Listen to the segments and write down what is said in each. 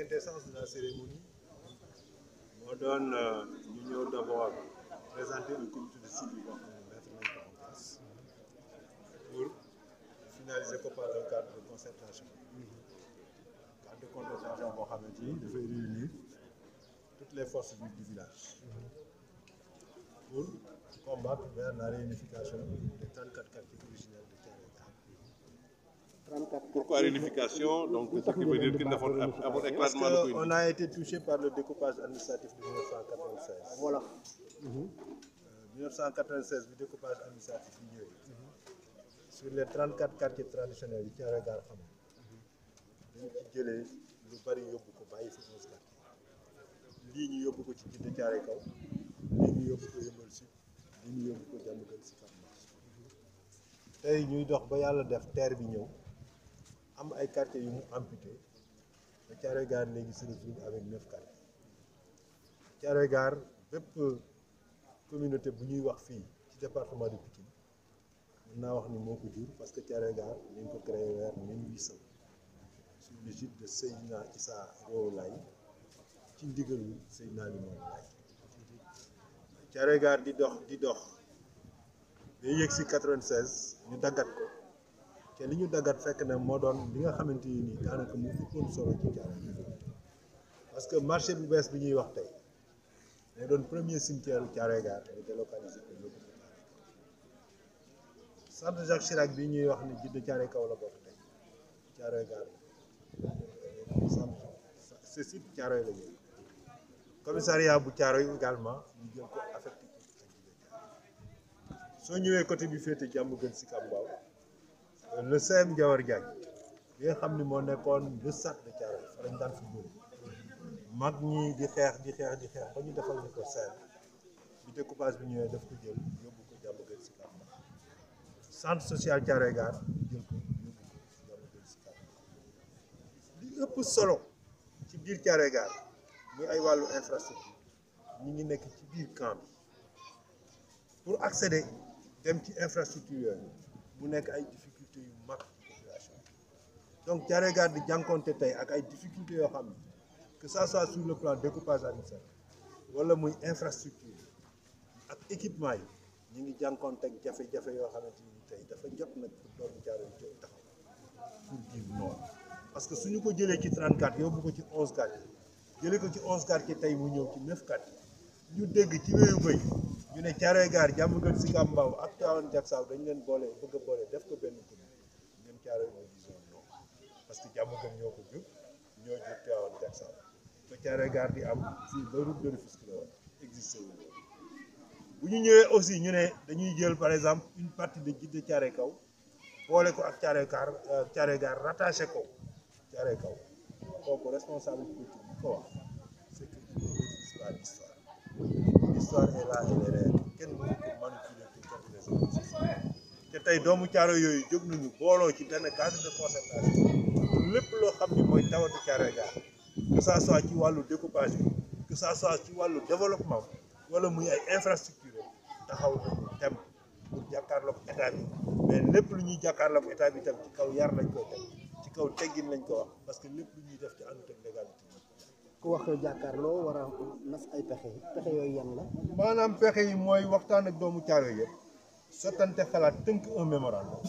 quintessence de la cérémonie moo doon euh, ñu ñëw d'abord présenter le comité de suivi bi boo xam mettre nañ en place pour finaliser ko par le cadre de concertation mm-hmm. cadre de concertation boo xamante ni réunir toutes les forces vives du village mm-hmm. pour combattre vers la réunification des 34 quartiers originaires de Thiaroye Pourquoi réunification Donc, ça veut dire qu'il faut avoir éclatement. Parce qu'on a été touché par le découpage administratif de 1996. Euh, découpage administratif mm -hmm. Sur les 34 quartiers traditionnels, il y a un regard à moi. Il lu bari yóbbu ko bàyyi fi onze quartiers lii ñu yóbbu ko ci Djidah Thiaroye Kaw lii ñu yóbbu ko Yeumbeul Sud lii ñu yóbbu ko Diamaguène Sicap Mbao tey ñuy dox ba yàlla def terre bi ñëw am ay quartiers yu mu amputé te Thiaroye Gare léegi se avec neuf quartiers Thiaroye Gare bépp communauté bu ñuy wax fii ci département de Pikine mën naa wax ni moo ko jur parce que Thiaroye Gare ñu ko créé vers 1800 sous de Seydina Issa Rohou ci ndigalu Seydina Limamou Laye Thiaroye Gare di dox di dox day yëg si 96 ñu daggat ko te li ñu daggat fekk ne moo doon bi nga xamante ni nii daanaka mu ëppoon solo ci Thiaroye parce que marché bu bees bi ñuy wax tey day doon premier cimetière Thiaroye Gare ñu délocalisé Jacques Chirac bi ñuy wax ne Djiddah Thiaroye Kaw la bokk tey Thiaroye Gare centre ce site Thiaroye la ñuy bu Thiaroye également ñu jël ko affecté soo ñëwee côté bi féete jàmm gën si Kambaaw le CM Diawar Diagne bi nga xam ni moo nekkoon le sat de Thiaroye fa lañ daan football mag ñi di xeex di xeex di xeex ba ñu defal ñu ko CM bi découpage bi ñëwee daf ko jël yóbbu ko jàmm gën si kàddu centre social Thiaroye Gare li ëpp solo ci biir Thiaroye Gare muy ay wàllu infrastructure ñi ngi nekk ci biir camp bi pour accéder dem ci infrastructure yooyu mu nekk ay difficulté yu mag donc Thiaroye Gare di jànkonte tey ak ay difficultés yoo xam ne que ça soit sur le plan découpage administratif wala muy infrastructure ak équipement yi ñu ngi jànkonte ak jafe-jafe yoo xamante ni tey dafa jot nag pour doomu Thiaroye parce que suñu ko jëlee ci 34 yóbbu ko ci 11 quartier jëlee ko ci 11 quartier tey mu ñëw ci 9 quartier ñu dégg ci wéyu bëy ñu ne Thiaroye Gare Diamaguène Sicap Mbao ak Tivaouane Diacksao dañu leen boole bëgg a boole def ko benn Caaroy Haute Vision ñoo parce que jàmm gën ñoo ko jub ñoo jub Tivaouane Diacksao ba Caaroy Gare di am fii ba route de Rufisque la existé wu bu ñu ñëwee aussi ñu ne dañuy jël par exemple une partie de de Caaroy kaw boole ko ak car Gare euh, Caaroy Gare rattaché ko Caaroy kaw kooku responsable politique bi ko wax c'est que l'histoire l'histoire l'histoire est là elle est réelle kenn mënu ko manipuler pour quelque raison tey doomu caaro yooyu jóg nañu booloo ci benn cadre de concertation lépp loo xam ni mooy tawatu caaro gaar que ça soit ci wàllu découpage bi que ça soit ci wàllu développement wala muy ay infrastructure taxaw na pour jàkkaarloog état bi mais lépp lu ñuy jàkkaarloog état bi tam ci kaw yar nañ koy teg ci kaw teggin lañ ko wax parce que lépp lu ñuy def ci ànd ak légalité ku wax jàkkaarloo war a nas ay pexe pexe yooyu yan la. maanaam pexe mooy waxtaan ak doomu caaro yëpp. sottante xalaat tënk un mémorandum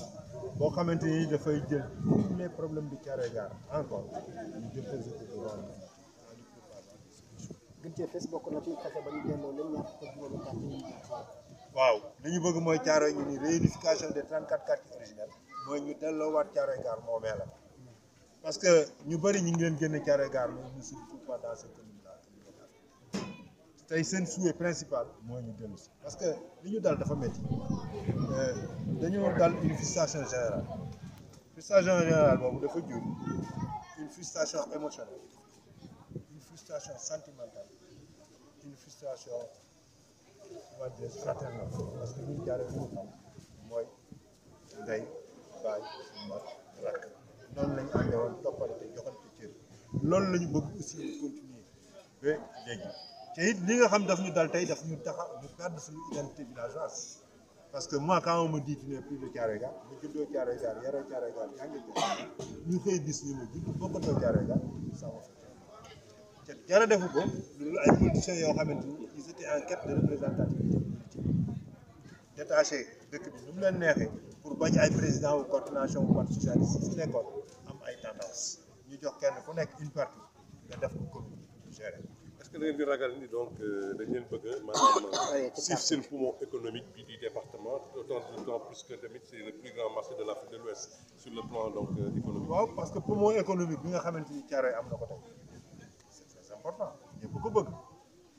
boo xamante ni dafay jël tous les problèmes du Thiaroye Gare encore ñu déposé ko devant gën cee fes bokk na ci fexe ba ñu delloo leen ñaar fukk quartier yi waaw li ñu bëgg mooy Thiaroye ñu ni réunification des 34 quartiers originels mooy ñu delloowaat Thiaroye Gare parce que ñu bëri ñu ngeen génn génne gar Gare moom ñu suñu tout pendant cette tey seen souhait principal mooy ñu dellu si parce que li ñu dal dafa métti euh, dañoo dal une frustration générale frustration générale boobu dafa jur une frustration émotionnelle une frustration sentimentale une frustration comment dire fraternelle parce que ñun jaaree foofu mooy ndey baay mag rakk noonu lañu àndewoon toppalante joxante cër loolu la ñu bëgg aussi continuer ba léegi te it li nga xam daf ñu dal tey daf ñu taxa ñu perdre suñu identité villageoise parce que moi quand on me dit tu n'es plus de Thiaroye mu ma juddoo Thiaroye Gare yaroo Thiaroye Gare yaa ngi ñu xëy bis ñu ma judd bokkatoo Thiaroye Gare sama te dara defu ko loolu ay politiciens yoo xamante ni ils étaient en quête de représentativité détaché dëkk bi nu mu leen neexee pour bañ ay président wu coordination wu parti socialiste si nekkoon am ay tendance ñu jox kenn ku nekk une partie nga def ko commune géré que da ngeen di ragal euh, dañ leen bëgg a maanaam euh, siif seen poumon économique bi du euh, parce que poumon économique bi xamante ni Thiaroye am na ko ko bëgg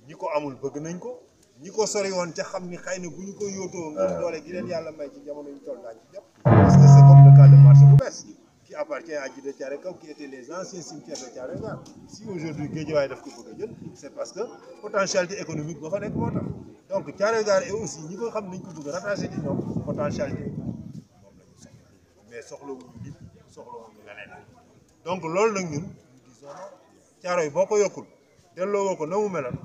ñi ko amul bëgg nañ ko ñi ko sori woon ca xam ni xëy na bu ñu ko yóotoo ngir ah. doole gi leen yàlla may ci jamono ñu toll daañu ci jàpp ah. appartient à Djidé Thiaré Kaw qui étaient les anciens cimetières de Thiaré Gare si aujourd'hui Guédiawaye daf ko bëgg a c'est parce que potentialité économique ba fa nekk moo tax donc Thiaré Gare et aussi ñi ko xam nañ ko bëgg a rattaché ci ñoom potentialité moom la ñu soxla mais yi nit soxlawuñu donc loolu nag ñun disons Thiaroye boo ko yokkul delloo woo ko na meloon